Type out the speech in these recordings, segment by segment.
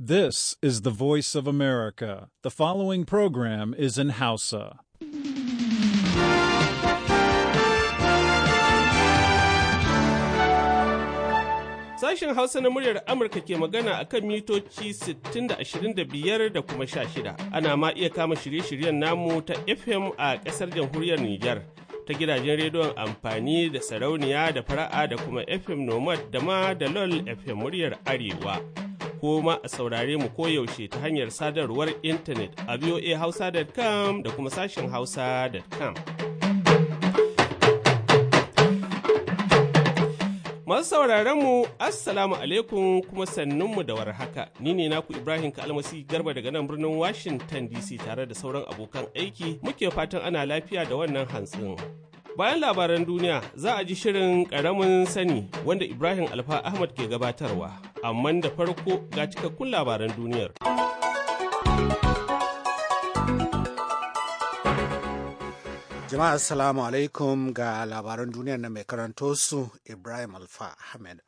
This is the voice of America. The following program is in Hausa. Sashen Hausa na muryar Amurka ke magana a kan mitoci 60-25 da kuma 16. Ana ma iya kama shirye-shiryen namu ta FM a ƙasar jamhuriyar Nijar. ta gidajen rediyon amfani da sarauniya da fara'a da kuma FM Nomad da ma da LOL FM muryar Arewa. ko a saurare mu koyaushe ta hanyar sadarwar intanet a voahausa.com da kuma sashen hausa.com. Masu sauraron mu Assalamu alaikum kuma sannunmu da warhaka. Ni ne naku Ibrahim Kalmasi Garba daga nan birnin Washington DC tare da sauran abokan aiki muke fatan ana lafiya da wannan hantsin. Bayan labaran duniya za a ji shirin ƙaramin sani wanda Ibrahim Alfa Ahmad ke gabatarwa. amma da farko ga cikakkun labaran duniyar. Jama'a Assalamu alaikum ga labaran duniyar na mai karanto su Ibrahim Alfa Ahmed.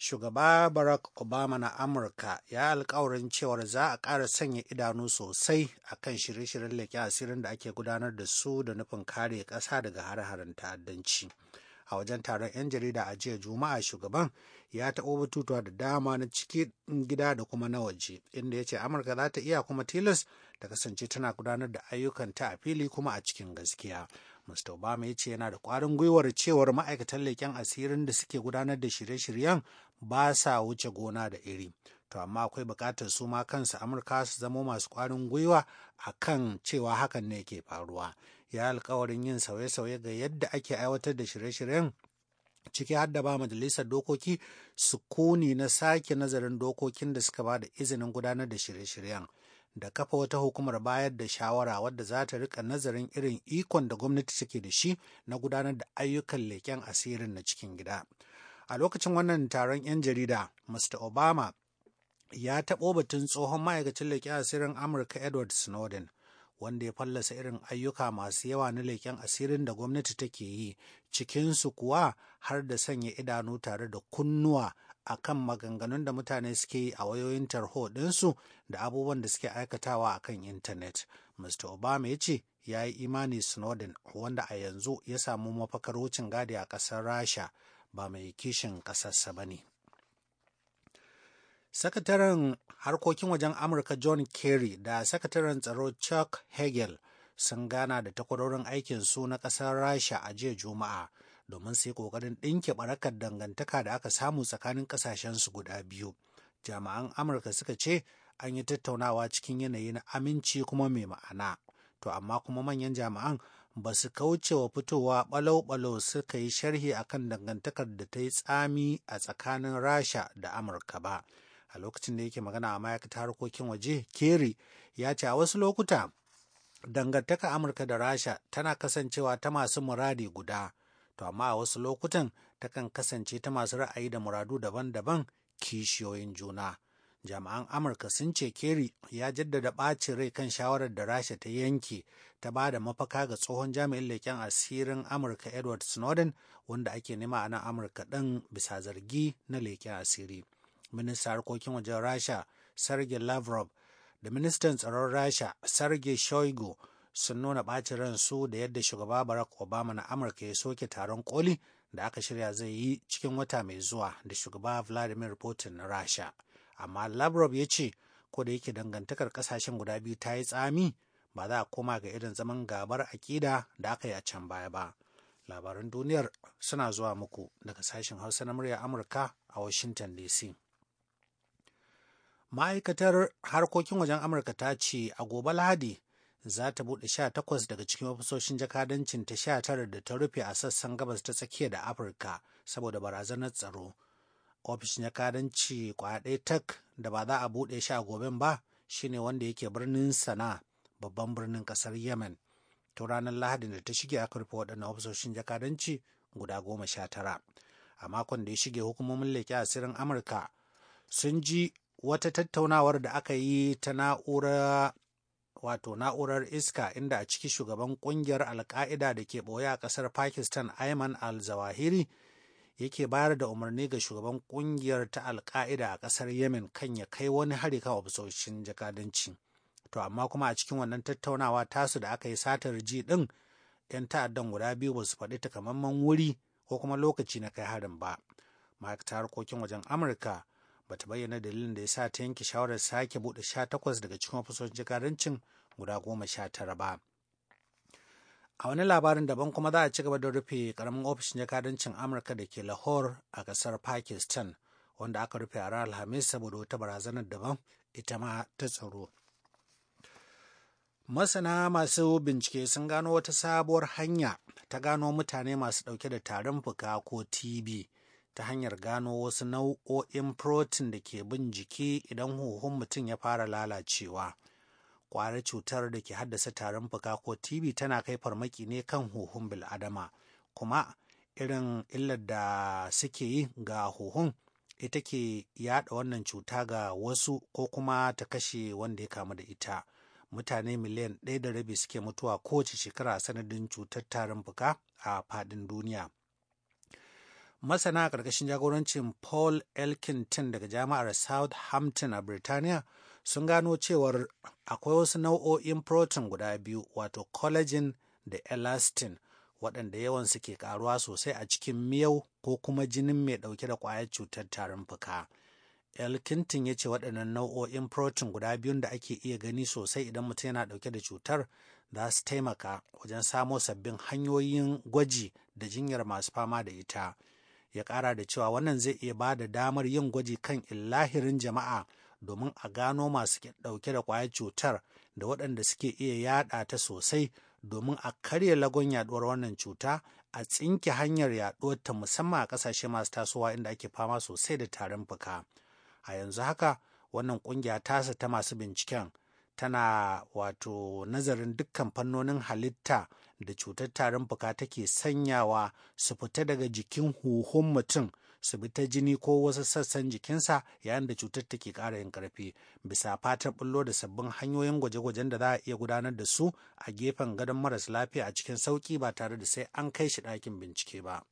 Shugaba Barack Obama na Amurka ya alkawarin cewar za a ƙara sanya idanu sosai a kan shirye-shiryen leƙe asirin da ake gudanar da su da nufin kare ƙasa daga har-haren ta'addanci. A wajen taron 'yan jarida a jiya Juma'a shugaban ya taɓo batutuwa da dama na cikin gida da kuma na waje inda ya ce amurka za ta iya kuma tilas ta kasance tana gudanar da ayyukan ta a fili kuma a cikin gaskiya mr obama ya ce yana da ƙwarin gwiwar cewar ma'aikatan leƙen asirin da suke gudanar da shirye-shiryen ba sa wuce gona da iri to amma akwai buƙatar su ma kansu amurka su zama masu ƙwarin gwiwa a kan cewa hakan ne ke faruwa ya alkawarin yin sauye-sauye ga yadda ake aiwatar da shirye-shiryen ciki har ba majalisar dokoki su sukuni na sake nazarin dokokin da suka ba da izinin gudanar da shirye-shiryen da kafa wata hukumar bayar da shawara wadda za ta rika nazarin irin ikon da gwamnati take da shi na gudanar da ayyukan leƙen asirin na cikin gida a lokacin wannan taron 'yan jarida mr obama ya taɓo batun tsohon ma'aikacin leƙen asirin amurka edward snowden wanda ya fallasa irin ayyuka masu yawa na leƙen asirin da gwamnati take yi cikinsu kuwa har da sanya idanu tare da kunnuwa a kan maganganun da mutane suke yi a wayoyin tarho ɗinsu da abubuwan da suke aikatawa a kan intanet. Mr. Obama ya ce ya yi imani Snowden wanda a yanzu ya samu mafakar wucin gadi a ƙasar Rasha ba mai kishin ƙasarsa ba ne. Sakataren harkokin wajen Amurka John Kerry da sakataren tsaro Chuck Hagel sun gana da takwarorin aikin su na ƙasar Rasha a jiya Juma'a domin su yi ƙoƙarin ɗinke barakar dangantaka da aka samu tsakanin ƙasashen su guda biyu. Jami'an Amurka suka ce an yi tattaunawa cikin yanayi na aminci kuma mai ma'ana. To amma kuma manyan jami'an ba su kauce wa fitowa ɓalau-ɓalau suka yi sharhi akan dangantakar da ta yi tsami a tsakanin Rasha da Amurka ba. a lokacin da yake magana a ma'aikatar harkokin waje kerry ya ce a wasu lokuta dangantaka amurka da rasha tana kasancewa ta masu muradi guda to amma a wasu lokutan ta kan kasance ta masu ra'ayi da muradu daban-daban kishiyoyin juna jami'an amurka sun ce kerry ya jaddada ɓacin rai kan shawarar da rasha ta yanke ta ba da mafaka ga tsohon jami'in leƙen asirin amurka edward snowden wanda ake nema a nan amurka ɗin bisa zargi na leƙen asiri Minista harkokin wajen rasha sergei lavrov da ministan tsaron rasha sergei shoigu sun nuna ɓacin ransu da yadda shugaba barack obama na amurka ya soke taron koli da aka shirya zai yi cikin wata mai zuwa da shugaba vladimir putin na rasha amma lavrov ya ce ko da yake dangantakar kasashen guda biyu ta yi tsami ba za a koma ga irin zaman gabar akida da aka yi a can baya ba labaran duniyar suna zuwa muku daga sashen hausa na murya amurka a washington dc ma'aikatar harkokin wajen amurka ta ce a gobe lahadi za ta buɗe takwas daga cikin ofisoshin jakadancin ta sha tara da ta rufe a sassan gabas ta tsakiya da afirka saboda barazanar tsaro ofishin jakadanci kwaɗe tak da ba za a buɗe sha a goben ba shine wanda yake birnin sana babban birnin ƙasar yemen to ranar lahadin da ta shige aka rufe waɗannan ofisoshin jakadanci guda goma sha tara a makon da ya shige hukumomin leƙe asirin amurka sun ji wata tattaunawar da aka yi ta na'ura wato na'urar iska inda a ciki shugaban kungiyar alka'ida da ke ɓoye a ƙasar pakistan ayman al-zawahiri yake bayar da umarni ga shugaban kungiyar ta alka'ida a ƙasar yemen kan ya kai wani hari kan ofisoshin jakadanci to amma kuma a cikin wannan tattaunawa tasu da aka yi satar ji ɗin 'yan ta'addan guda biyu ba su faɗi takamaiman wuri ko kuma lokaci na kai harin ba ma'aikatar harkokin wajen amurka bata bayyana dalilin da ya sa ta yanke shawarar sake buɗe sha takwas daga cikin ofisoshin jakarancin guda goma sha tara ba. A wani labarin daban kuma za a ci gaba da rufe karamin ofishin jakadancin Amurka da ke Lahore a ƙasar Pakistan wanda aka rufe a ranar Alhamis saboda wata barazanar daban ita ma ta tsaro. Masana masu bincike sun gano wata sabuwar hanya ta gano mutane masu ɗauke da tarin fuka ko TB ta hanyar gano wasu nau'o'in protein da ke bin jiki idan huhun mutum ya fara lalacewa. Kwayar cutar da ke haddasa tarin fuka ko TB tana kai farmaki ne kan huhun bil'adama, kuma irin illar da suke yi ga huhun ita ke yada wannan cuta ga wasu ko kuma ta kashe wanda ya kamu da ita. Mutane miliyan ɗaya da rabi suke mutuwa kowace shekara sanadin cutar tarin fuka a faɗin duniya. masana a ƙarƙashin jagorancin paul elkington daga jami'ar southampton a birtaniya sun gano cewar akwai wasu nau'o'in protein guda biyu wato collagen da elastin waɗanda yawan suke karuwa sosai a cikin miyau ko kuma jinin mai ɗauke da ƙwayar cutar tarin fuka elkington ya ce waɗannan nau'o'in protein guda biyun da ake iya gani sosai idan mutum yana ɗauke da cutar za su taimaka wajen samo sabbin hanyoyin gwaji da jinyar masu fama da ita. ya ƙara da cewa wannan zai iya ba da damar yin gwaji kan illahirin jama'a domin a gano masu ɗauke da kwayar cutar da waɗanda suke iya yaɗa ta sosai domin a karya lagon yaɗuwar wannan cuta a tsinke hanyar yaɗuwar ta musamman a ƙasashe masu tasowa inda ake fama sosai da tarin fuka a yanzu haka wannan ƙungiya tasa ta masu binciken tana wato nazarin dukkan fannonin halitta da cutar tarin fuka take sanyawa su fita daga jikin huhun mutum su bi ta jini ko wasu sassan jikinsa yayin da cutar take ƙara yin ƙarfi bisa fatan bullo da sabbin hanyoyin gwaje-gwajen da za a iya gudanar da su a gefen gadon maras lafiya a cikin sauki ba tare da sai an kai shi ɗakin bincike ba.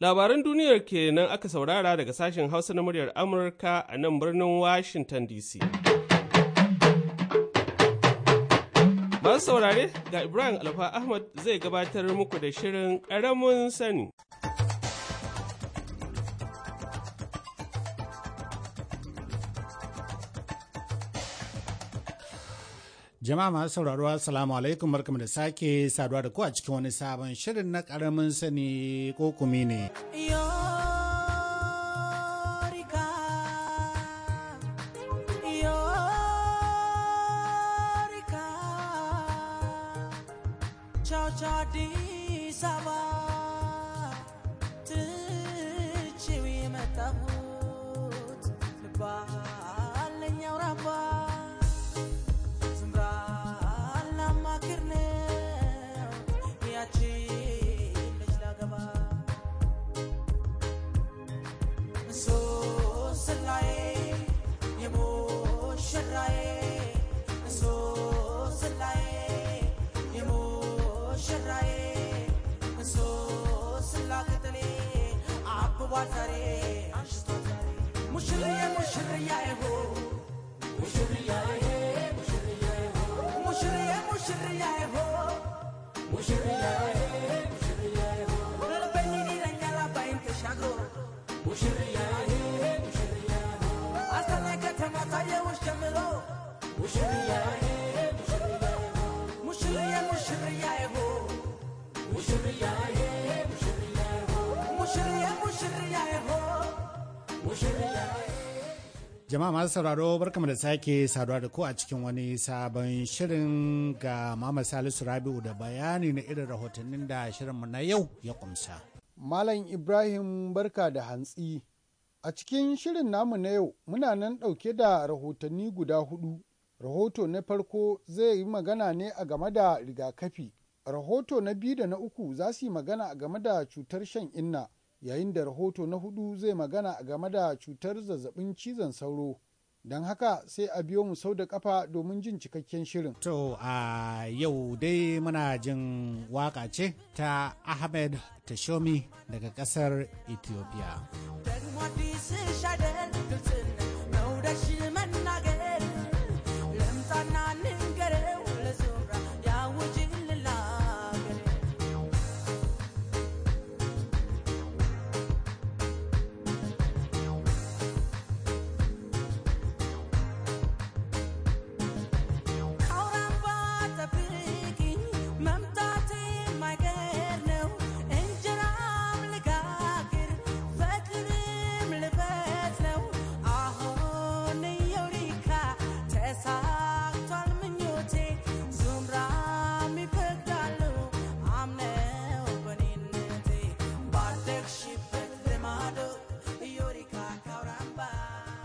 Labaran duniyar kenan aka saurara daga sashen Hausa na muryar Amurka a nan birnin Washington DC. Masu saurare da Ibrahim Alfa Ahmad zai gabatar muku da shirin ƙaramin sani. Jama'a masu sauraro Assalamu alaikum barkamu da sake saduwa da ku a cikin wani sabon shirin na ƙaramin sani ko kumi ne. ዛሬ ዛሬ ሙሽርዬ ሙሽርያ ይሆ ሙሽርያ ይሄ ሙሽርያ ይሆ ሙሽርዬ ሙሽርያ ይሆ ሙሽርያ ይሄ Jama'a masu sauraro barkamu da sake saduwa da ku a cikin wani sabon shirin ga Mama Salisu Rabi'u da bayani na irin rahotannin da shirinmu na yau ya kumsa. Malam Ibrahim barka da hantsi. A cikin shirin namu na yau muna nan ɗauke da rahotanni guda hudu. Rahoto na farko zai yi magana ne a game da rigakafi. Rahoto na biyu da na uku za su yi magana a game da cutar shan inna. yayin da rahoto na hudu zai magana game da cutar zazzabin cizon sauro don haka sai a biyo mu sau da kafa domin jin cikakken shirin. To a yau dai muna jin waka ce ta Ahmed Tashomi daga kasar Ethiopia.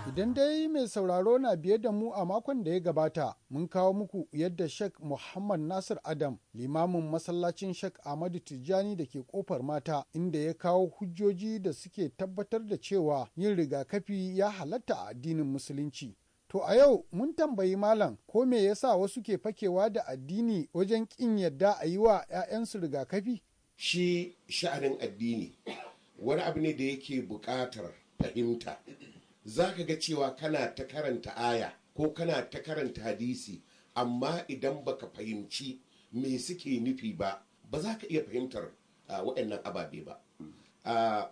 Idan dai mai sauraro na biye da mu a makon da ya gabata, mun kawo muku yadda Sheikh Muhammad Nasir Adam, limamin masallacin Sheikh Ahmadu Tijjani da ke kofar mata, inda ya kawo hujjoji da suke tabbatar da cewa yin rigakafi ya halatta a addinin Musulunci. To a yau mun tambayi malam ko me yasa wasu ke fakewa da addini wajen ƙin yadda a yi wa 'ya'yansu rigakafi? Shi sha'anin addini wani abu ne da yake buƙatar fahimta za ka ga cewa kana ta karanta aya ko kana ta karanta hadisi amma idan baka fahimci me suke nufi ba ba za ka iya fahimtar waɗannan ababe ba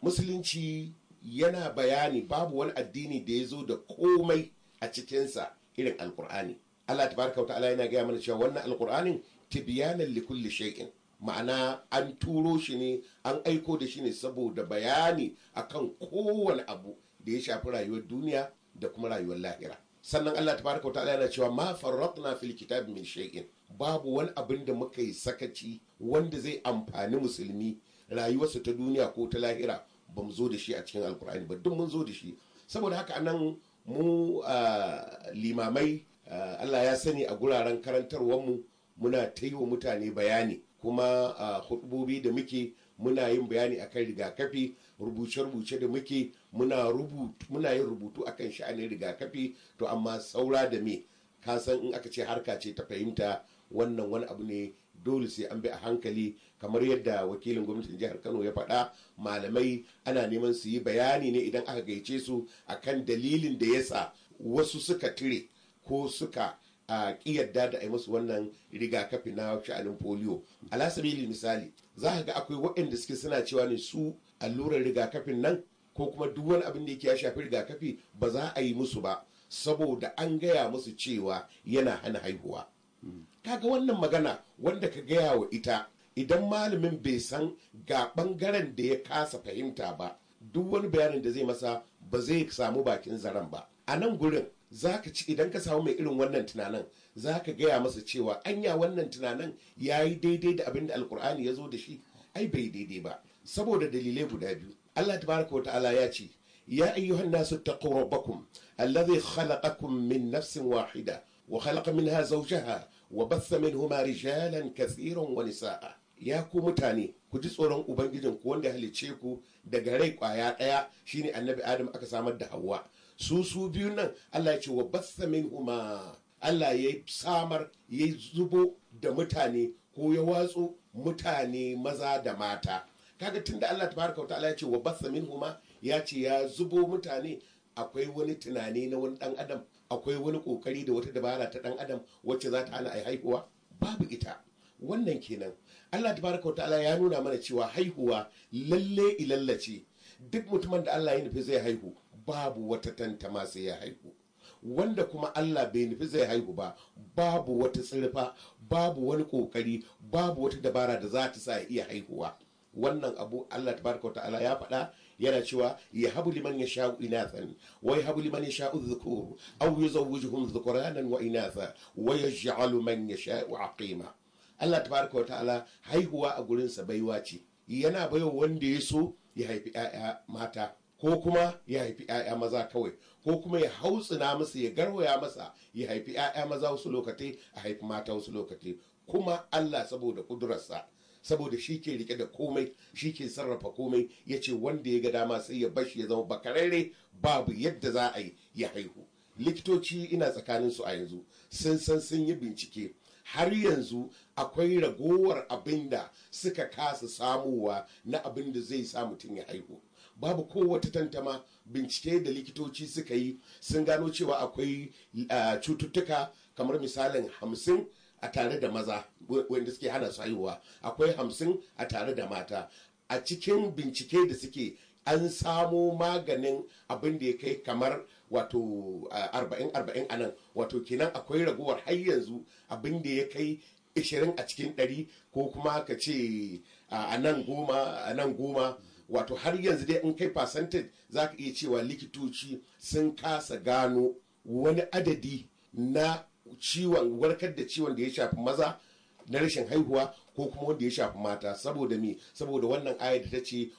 musulunci yana bayani babu wani addini da ya zo da komai a cikinsa irin alkur'ani allah tabaraka wa ta'ala yana gaya mana cewa wannan alkur'anin tibiyanan likulli shay'in ma'ana an turo shi ne an aiko da shi ne saboda bayani akan kowane abu da ya shafi rayuwar duniya da kuma rayuwar lahira sannan Allah ta baraka ta'ala yana cewa ma farratna fil kitabi min shay'in babu wani abin da muka yi sakaci wanda zai amfani musulmi rayuwarsa ta duniya ko ta lahira ba mu zo da shi a cikin alkur'ani ba duk mun zo da shi saboda haka anan mu limamai Allah ya sani a guraren karantarwar mu muna ta yi wa mutane bayani kuma hudubobi da muke muna yin bayani akan rigakafi rubuce-rubuce da muke muna yin rubutu akan sha'anin rigakafi to amma saura da me ka san in aka ce harka ce ta fahimta wannan wani abu ne dole sai an bi a hankali kamar yadda wakilin gwamnatin jihar kano ya faɗa malamai ana neman su yi bayani ne idan aka gaice su akan dalilin da ya sa wasu suka tire ko suka a yarda da a yi musu wannan rigakafi na sha'anin polio alasabili misali za ka ga akwai waɗanda suke suna cewa ne su allurar rigakafin nan ko kuma duk wani abin da yake ya shafi rigakafi ba za a yi musu ba saboda an gaya musu cewa yana hana haihuwa kaga wannan magana wanda ka gaya wa ita idan malamin bai san ga bangaren da ya kasa fahimta ba duk wani bayanin da zai masa ba zai samu bakin zaren ba a nan gurin za ka ci idan ka samu mai irin wannan tunanin za ka gaya masa cewa anya wannan tunanin ya yi daidai da abin da alkur'ani ya zo da shi ai bai daidai ba saboda dalilai guda biyu Allah tabaraka wa ta'ala ya ce ya ayyuhan nasu taqu zai halaka khalaqakum min nafsin wahida wa khalaqa minha zawjaha wa batha minhuma rijalan kathiran wa nisaa ya ku mutane ku ji tsoron ubangijin ku wanda halice ku daga rai kwaya daya shine annabi adam aka samar da hawa su su biyu nan Allah ya ce wa batha minhuma Allah ya samar ya zubo da mutane ko ya watsu mutane maza da mata kaga da Allah tabaraka wa ta'ala ya ce wa bassa minhuma ya ce ya zubo mutane akwai wani tunani na wani dan adam akwai wani kokari da wata dabara ta dan adam wacce za ta hana ai haihuwa babu ita wannan kenan Allah tabaraka wa ta'ala ya nuna mana cewa haihuwa lalle ilallace duk mutumin da Allah ya nufi zai haihu babu wata tantama sai ya haihu wanda kuma Allah bai nufi zai haihu ba babu wata tsirfa babu wani kokari babu wata dabara da za ta sa ya iya haihuwa wannan abu Allah tabaraka ta'ala ya faɗa yana cewa ya habu liman ya sha'u inathan wa ya habu liman ya sha'u dhukur aw yuzawwijuhum dhukranan wa inatha wa yaj'alu man ya sha'u aqima Allah tabaraka ta'ala haihuwa a gurin sa baiwa ce yana baiwa wanda ya so ya haifi ƴaƴa mata ko kuma ya haifi 'ya'ya maza kawai ko kuma ya hautsina masa ya garwaya masa ya haifi 'ya'ya maza wasu lokaci a haifi mata wasu lokaci kuma Allah saboda kudurarsa saboda shi ke rike da komai shi ke sarrafa komai ya ce wanda ya ga dama sai ya bashi ya zama bakararre babu yadda za a yi ya haihu likitoci ina tsakanin su a yanzu sun san sun yi bincike har yanzu akwai ragowar abin da suka kasa samuwa na abin da zai sa mutum ya haihu babu kowata tantama bincike da likitoci suka yi sun gano cewa akwai ah, cututtuka kamar misalin hamsin a tare da maza wanda suke hana su haihuwa akwai hamsin a tare da mata a cikin bincike da suke an samo maganin abin da ya kai kamar wato arba'in arba'in a nan wato kenan akwai ragowar har yanzu abin da ya kai ishirin a cikin ɗari ko kuma ka ce a nan goma a nan goma wato har yanzu dai in kai percentage za ka iya cewa likitoci sun kasa gano wani adadi na ciwon warkar da ciwon da ya shafi maza na rashin haihuwa ko kuma wanda ya shafi mata saboda mi saboda wannan ayar da ta ce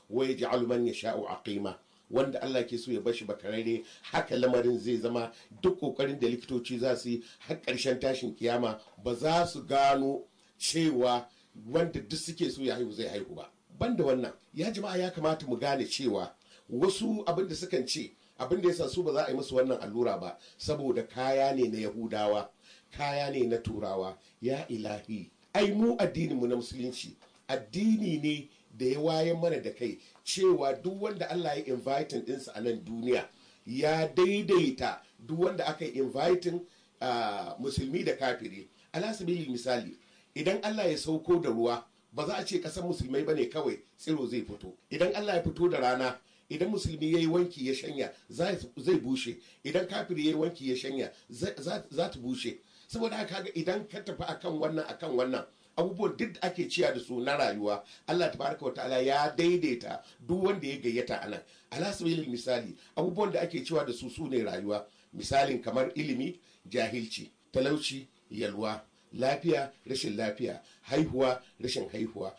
aluman ya man a kaima wanda Allah ke so ya bashi bakararre haka lamarin zai zama duk kokarin da likitoci za su yi har karshen tashin kiyama ba za su gano cewa wanda duk suke so ya haihu zai haihu ba banda wannan ya jama'a ya kamata mu gane cewa wasu abin da sukan ce abin da yasa su ba za a yi musu wannan allura ba saboda kaya ne na yahudawa kaya ne na turawa ya ilahi ai mu mu na musulunci addini ne da ya wayan mana da kai cewa duk wanda Allah ya inviting ɗinsa a nan duniya ya daidaita duk wanda aka yi inviting uh, musulmi da kafiri alasabili misali idan Allah ya sauko da ruwa ba za a ce kasan musulmai bane kawai tsiro zai fito idan Allah ya fito da rana idan musulmi ya yi wanki ya shanya zai bushe idan kafiri ya yi wanki ya shanya za ta bushe saboda haka ga idan ka tafi akan wannan akan wannan abubuwan duk da ake ciya da su na rayuwa Allah tabaraka wa ta'ala ya daidaita duk wanda ya gayyata anan ala misali abubuwan da ake cewa da su su ne rayuwa misalin kamar ilimi jahilci talauci yalwa lafiya rashin lafiya haihuwa rashin haihuwa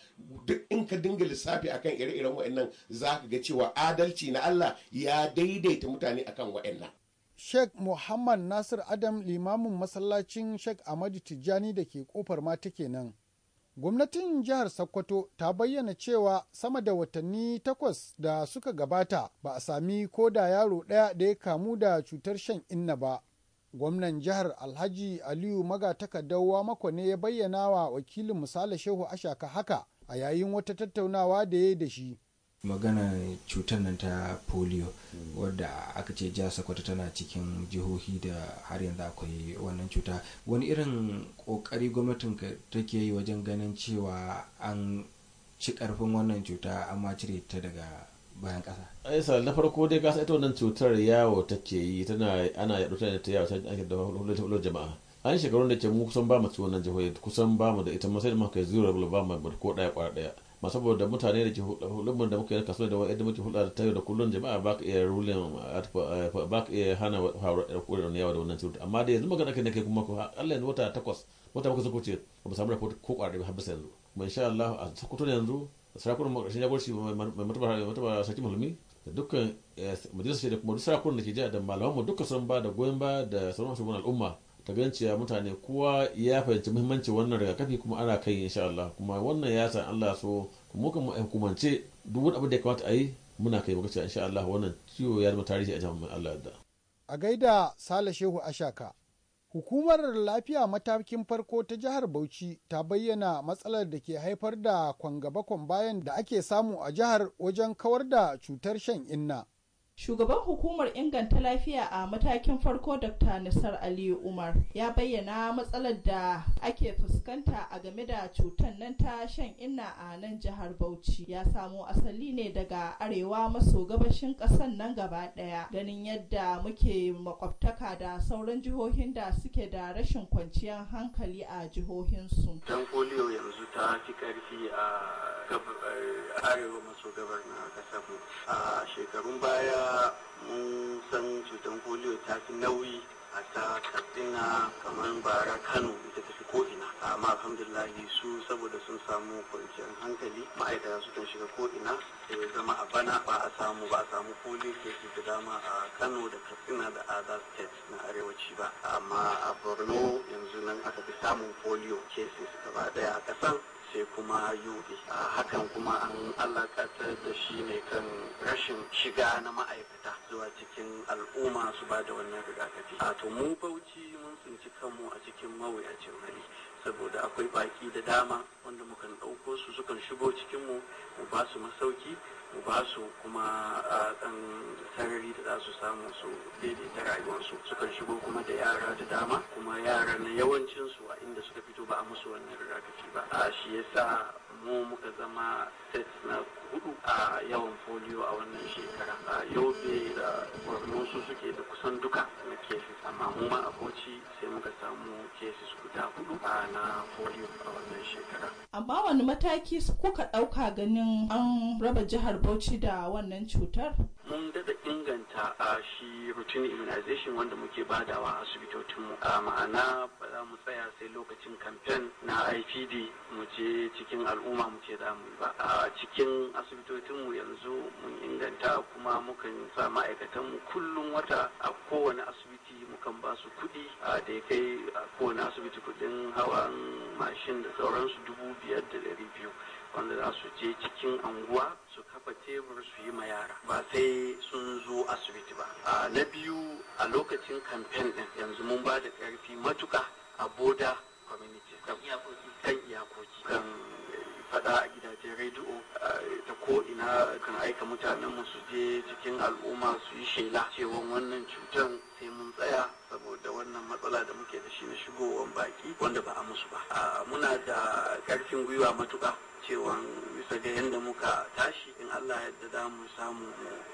duk in ka dinga lissafi akan ire-iren wa'annan za ka ga cewa adalci na Allah ya daidaita mutane akan wa'annan Sheikh Muhammad Nasir Adam limamin masallacin Sheikh Ahmadu Tijjani da ke kofar mata kenan. Gwamnatin jihar Sokoto ta bayyana cewa sama da watanni takwas da suka gabata ba a sami ko da yaro ɗaya da ya kamu da cutar shan inna ba. Gwamnan jihar Alhaji Aliyu Magatakardawa mako ne ya bayyana wa wakilin misali Shehu Ashaka haka a yayin wata tattaunawa da ya da shi. magana cutar nan ta polio hmm. wadda aka ce jihar sokoto tana cikin jihohi da har yanzu akwai wannan cuta wani irin kokari gwamnatin take yi wajen ganin cewa an ci karfin wannan cuta amma cire ta daga bayan kasa aisa na farko dai kasa ita wannan cutar yawo take yi tana ana yadda ta ta yawo ta ake da hulɗar jama'a an shekarun da ke mu kusan ba mu ci wannan jihohi kusan ba mu da ita masai da muka yi zuwa ba mu ko ɗaya kwara daya ba saboda mutane da ke hulɗar da muka yi kasuwa da yadda muke hulɗa da tayo da kullum jama'a ba ka iya rulin ba ka iya hana da yawa da wannan cuta amma da yanzu magana kai nake kuma Allah yanzu wata takwas wata bakwai suka ce ba mu samu rahoto ko ƙwari har bisa yanzu kuma insha Allah a sakuto da yanzu sarakunan makarshen jagoranci mai mataba sarki musulmi da dukkan eh, majalisar shi da kuma duk sarakunan da ke jiya da malaman mu dukkan sun ba da goyon ba da sauran shugaban al'umma kabiyanciya mutane kowa ya fahimci muhimmanci wannan rigakafi kuma ana kai insha Allah kuma wannan ya san Allah so kuma mu hukumance duk wani abin da ya kamata a yi muna kai muka ce insha Allah wannan ciwo ya zama tarihi a jami'an Allah yadda. a gaida Sale Shehu Ashaka Hukumar lafiya matakin farko ta jihar Bauchi ta bayyana matsalar da ke haifar da kwangaba bayan da ake samu a jihar wajen kawar da cutar shan inna. Shugaban hukumar inganta lafiya a matakin farko Dr. Nisar Ali Umar ya bayyana matsalar da ake fuskanta a game da cutar nan ta shan inna a nan jihar Bauchi ya samo asali ne daga arewa maso gabashin kasan nan gaba daya, ganin yadda muke makwabtaka da sauran jihohin da suke da rashin kwanciyar hankali a jihohinsu. Dan yanzu ta fi ƙarfi a eh, arewa maso gabar na kasar a shekarun baya mun san cutar polio ta fi nauyi a ta katsina kamar bara kano ita ta fi ko'ina amma alhamdulillah su saboda sun samu kwanciyar hankali ma'aikata su kan shiga ko'ina da eh, ya zama a bana ba a samu ba a samu polio su da dama a kano da katsina da other states na arewaci ba amma a borno yanzu nan aka fi samun polio su gaba daya a kasan sai kuma A hakan kuma an alakatar da shi ne kan rashin shiga na ma'aikata zuwa cikin al'umma su ba da wannan rigakafi a to mu bauchi mun tsinci kanmu a cikin mawuyacin hali saboda akwai baki da dama wanda mukan ɗauko su sukan shigo cikinmu mu ba su masauki Ku ba su kuma ɗan sarari da za su samu su daidaita rayuwarsu sukan shigo kuma da yara da dama kuma yara na yawancinsu a inda suka fito ba a musu wannan rigakafi ba a shi yasa mu muka zama set na hudu a yawan folio a wannan shekara a yobe da borno su suke da kusan duka na cases amma mu ma a bauchi sai muka samu cases guda hudu a na folio a wannan shekara amma wani mataki kuka dauka ganin an raba jihar bauchi da wannan cutar mun dada A'a shi routine immunization wanda muke badawa a asibitocinmu ma'ana ba za mu tsaya sai lokacin kamfen na ipd mu je cikin al'umma mu ce za mu ba a cikin asibitocinmu yanzu mun inganta kuma mukan sa ma'aikatanmu kullum wata a kowane asibiti mukan ba su kuɗi da ya kai kowane asibiti kuɗin hawan mashin da sauransu dubu biyar da ɗari biyu wanda za su je cikin anguwa su kafa tebur su yi ma yara ba sai sun zo asibiti ba na biyu a lokacin kamfen din yanzu mun ba da ƙarfi matuka a boda community kan iyakoki kan faɗa a gidajen rediyo ta ko ina kan aika mutanen mu su je cikin al'umma su yi shela cewa wannan cutar sai mun tsaya saboda wannan matsala da muke da shi na shigowar baki wanda ba a musu ba muna da karfin gwiwa matuka cewa bisa ga yadda muka tashi in Allah yadda za mu samu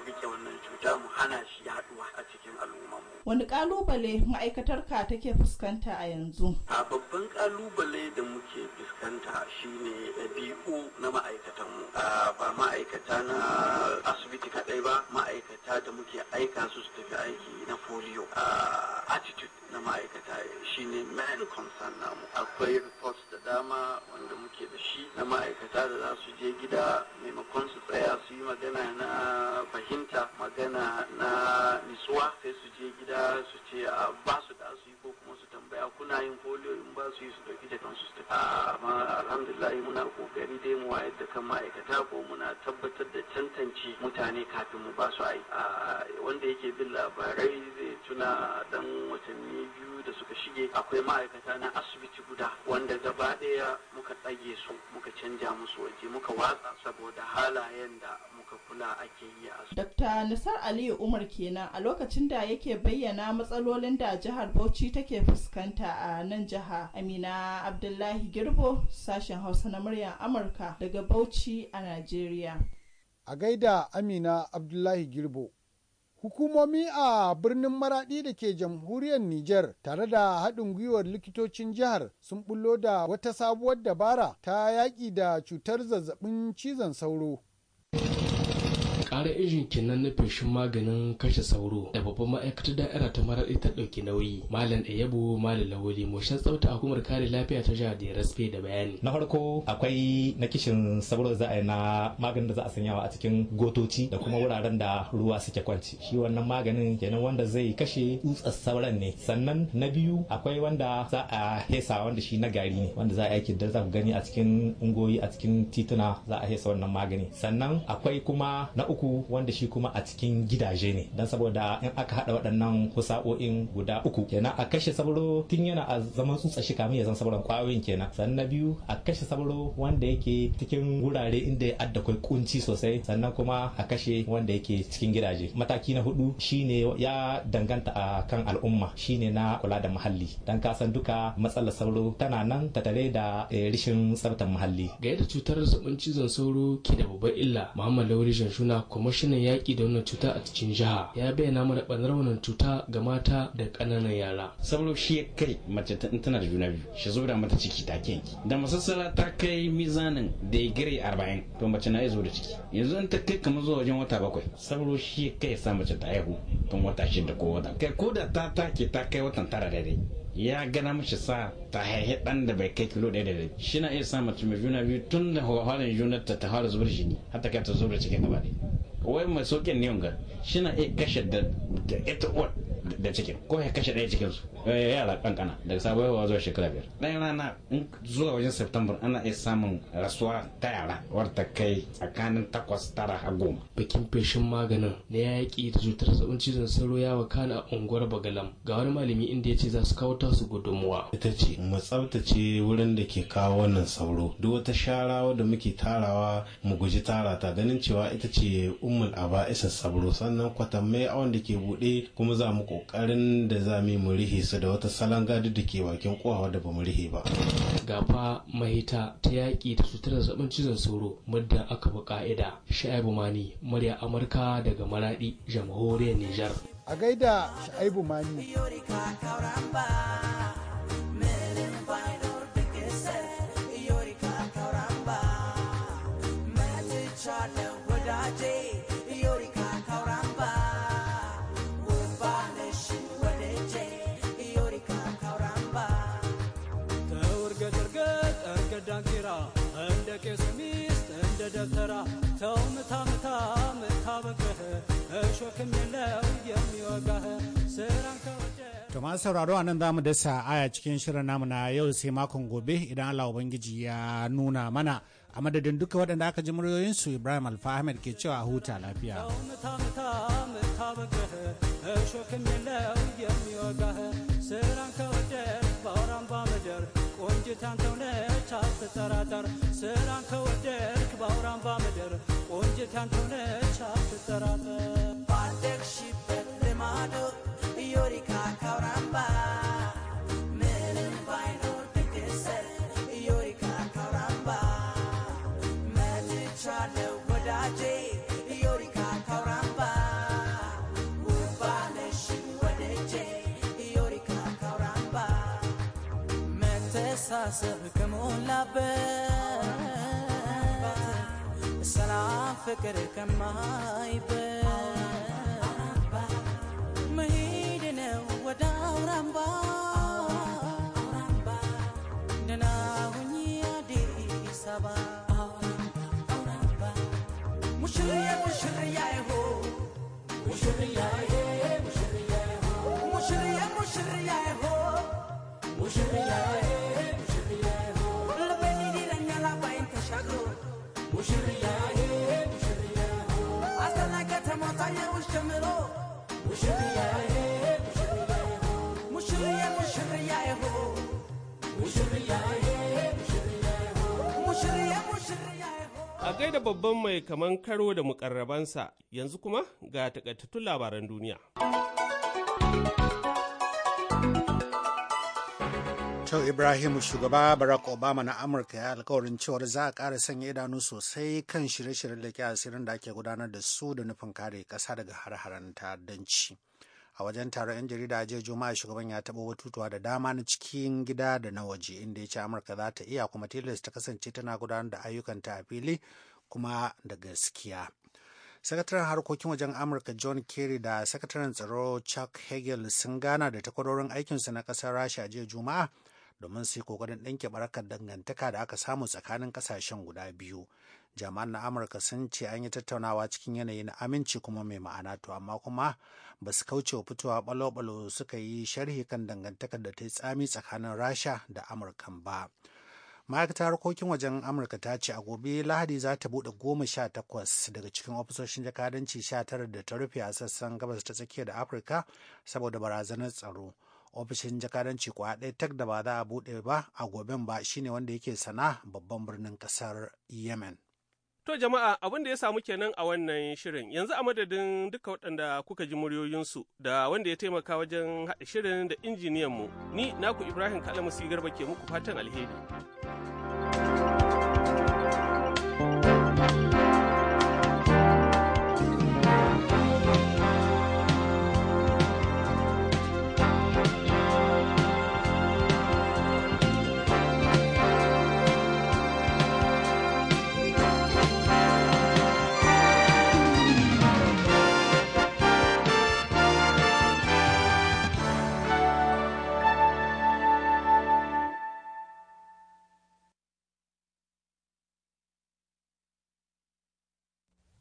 rike wannan cuta mu hana shi haɗuwa a cikin al'umma. Wani kalubale ma'aikatar ka take fuskanta a yanzu? A babban ƙalubale da muke fuskanta shine ɗabi'u na ma'aikatan mu. Ba ma'aikata na asibiti kaɗai ba ma'aikata da muke aika su su tafi aiki na folio. Attitude na ma'aikata shine main concern namu. Akwai reports da dama wanda da shi na ma'aikata da za su je gida maimakon su tsaya su yi magana na fahimta magana na nisuwa sai su je gida su ce ba su da su yi ko kuma su tambaya suna yin folio in ba su yi su dauki da kansu su amma alhamdulillah muna kokari dai mu wayar da kan ma'aikata ko muna tabbatar da tantance mutane kafin mu ba su ai wanda yake bin labarai zai tuna dan watanni biyu da suka shige akwai ma'aikata na asibiti guda wanda gaba ɗaya muka tsage su muka canja musu waje muka watsa saboda halayen da muka kula ake yi a Dr. Nasar Aliyu Umar kenan a lokacin da yake bayyana matsalolin da jihar Bauchi take fuskanta a nan jiha amina abdullahi girbo sashen hausa na muryar amurka daga bauchi a najeriya a gaida amina abdullahi girbo Hukumomi a birnin Maraɗi da ke jamhuriyar Niger, tare da haɗin gwiwar likitocin jihar sun bullo da wata sabuwar dabara ta yaƙi da cutar zazzabin cizon sauro kara injin kenan na feshin maganin kashe sauro da babban ma'aikatar da'ira ta marar ta ɗauki nauyi malam ɗayabo malam lawoli moshin tsafta hukumar kare lafiya ta jihar da rasfe da bayani na farko akwai na kishin sauro za a yi na maganin da za a sanyawa a cikin gotoci da kuma wuraren da ruwa suke kwanci shi wannan maganin kenan wanda zai kashe tsutsar sauran ne sannan na biyu akwai wanda za a hesa wanda shi na gari ne wanda za a aiki da za ku gani a cikin ungoyi a cikin tituna za a hesa wannan magani sannan akwai kuma na uku uku wanda shi kuma a cikin gidaje ne dan saboda in aka hada waɗannan kusa'o'in guda uku kenan a kashe sabro tun yana a zaman tsutsa shi kamin ya zan sabron kwayoyin kenan sannan na biyu a kashe sabro wanda yake cikin wurare inda ya adda kai kunci sosai sannan kuma a kashe wanda yake cikin gidaje mataki na hudu shine ya danganta a kan al'umma shine na kula da muhalli dan kasan duka matsalar sauro tana nan ta tare da eh, rishin tsaftar muhalli ga yadda cutar zazzabin cizon sauro ke da babbar illa muhammad lauri shuna kwamishinan yaƙi da wannan cuta a cikin jiha ya bayyana mana ɓanar wannan cuta ga mata da ƙananan yara sabulu shi ya kai mace ta tana da juna biyu shi zubda mata ciki ta kenki da masassara ta kai mizanin da ya gire arba'in to mace na iya zo da ciki yanzu an ta kai kamar zuwa wajen wata bakwai sabulu shi ya kai sa mace ta haihu tun wata shida ko wata kai ko da ta take ta kai watan tara daidai ya gana mishi sa ta haihi dan da bai kai kilo ɗaya da shi na iya sa mace mai juna biyu tun da hawarin junar ta ta fara zubar jini har ta kai ta zubar cikin gaba ɗaya wai mai sokin ne yunga shi na iya kashe da ita uwar da cikin ko ya kashe ɗaya cikinsu yara kankana daga sabuwar haihuwa zuwa shekara biyar ɗaya rana in zuwa wajen september ana iya samun rasuwa ta yara warta kai tsakanin takwas tara a goma bikin feshin maganin na yaƙi da cutar zaɓin cizon sauro ya wakana a unguwar bagalam ga wani malami inda ya ce za su kawo su gudunmuwa ita ce mu tsabtace wurin da ke kawo wannan sauro duk wata shara da muke tarawa mu guji tara ta ganin cewa ita ce ummul aba isa sauro sannan kwatammai a wanda ke buɗe kuma za mu ƙoƙarin da za mu rihe su bisa da wata salon gadi da ke bakin kowa da ba mu rihe ba. Gafa mahita ta yaƙi da cutar zazzabin cizon sauro muddin aka bi ƙa'ida. Sha'ibu Mani, murya Amurka daga Maraɗi, jamhuriyar Nijar. A gaida Sha'ibu Mani. Charlie, ተው ምታ ምታ ምታ እሾክም የለው የሚወጋህ ስራን To sauraro a nan za dasa aya cikin shirin namu na yau sai makon gobe idan Allah Ubangiji ya nuna mana a madadin duka waɗanda aka ji muryoyinsu Ibrahim Alfa Ahmed ke cewa huta lafiya. فكر ما يبان مهيدنا ودار أمبا دنا ونيا دي سبا مشريا مشريا هو مشريا مشريا مشريا مشريا هو مشريا A gaida babban mai kaman karo da mukarrabansa yanzu kuma ga takaitattun labaran duniya. to ibrahim shugaba barack obama na amurka ya alkawarin cewar za a ƙara sanya idanu sosai kan shirye-shiryen da ke asirin da ake gudanar da su da nufin kare ƙasa daga har-haren ta'addanci a wajen taron 'yan jarida jiya juma'a shugaban ya taɓa batutuwa da dama na cikin gida da na waje inda ya ce amurka za ta iya kuma tilas ta kasance tana gudanar da ayyukan ta a fili kuma da gaskiya sakataren harkokin wajen amurka john kerry da sakataren tsaro chuck hagel sun gana da takwarorin aikinsu na ƙasar rasha jiya juma'a domin su yi kokarin ɗinke barakar dangantaka da aka samu tsakanin ƙasashen guda biyu jami'an na amurka sun ce an yi tattaunawa cikin yanayi na aminci kuma mai ma'ana to amma kuma ba su kauce wa fitowa balo-balo suka yi sharhi kan dangantakar da ta yi tsami tsakanin rasha da amurkan ba ma'aikatar harkokin wajen amurka ta ce a gobe lahadi za ta buɗe goma sha takwas daga cikin ofisoshin jakadanci sha tara da ta rufe a sassan gabas ta tsakiya da afirka saboda barazanar tsaro ofishin jakadanci kwa ɗaya tak da ba za a buɗe ba a goben ba shine wanda yake sana babban birnin ƙasar yemen To jama'a abin da ya samu kenan a wannan shirin yanzu a madadin duka waɗanda kuka ji muryoyinsu da wanda ya taimaka wajen haɗa shirin da injiniyanmu ni naku Ibrahim Kalamusi Garba ke muku fatan alheri.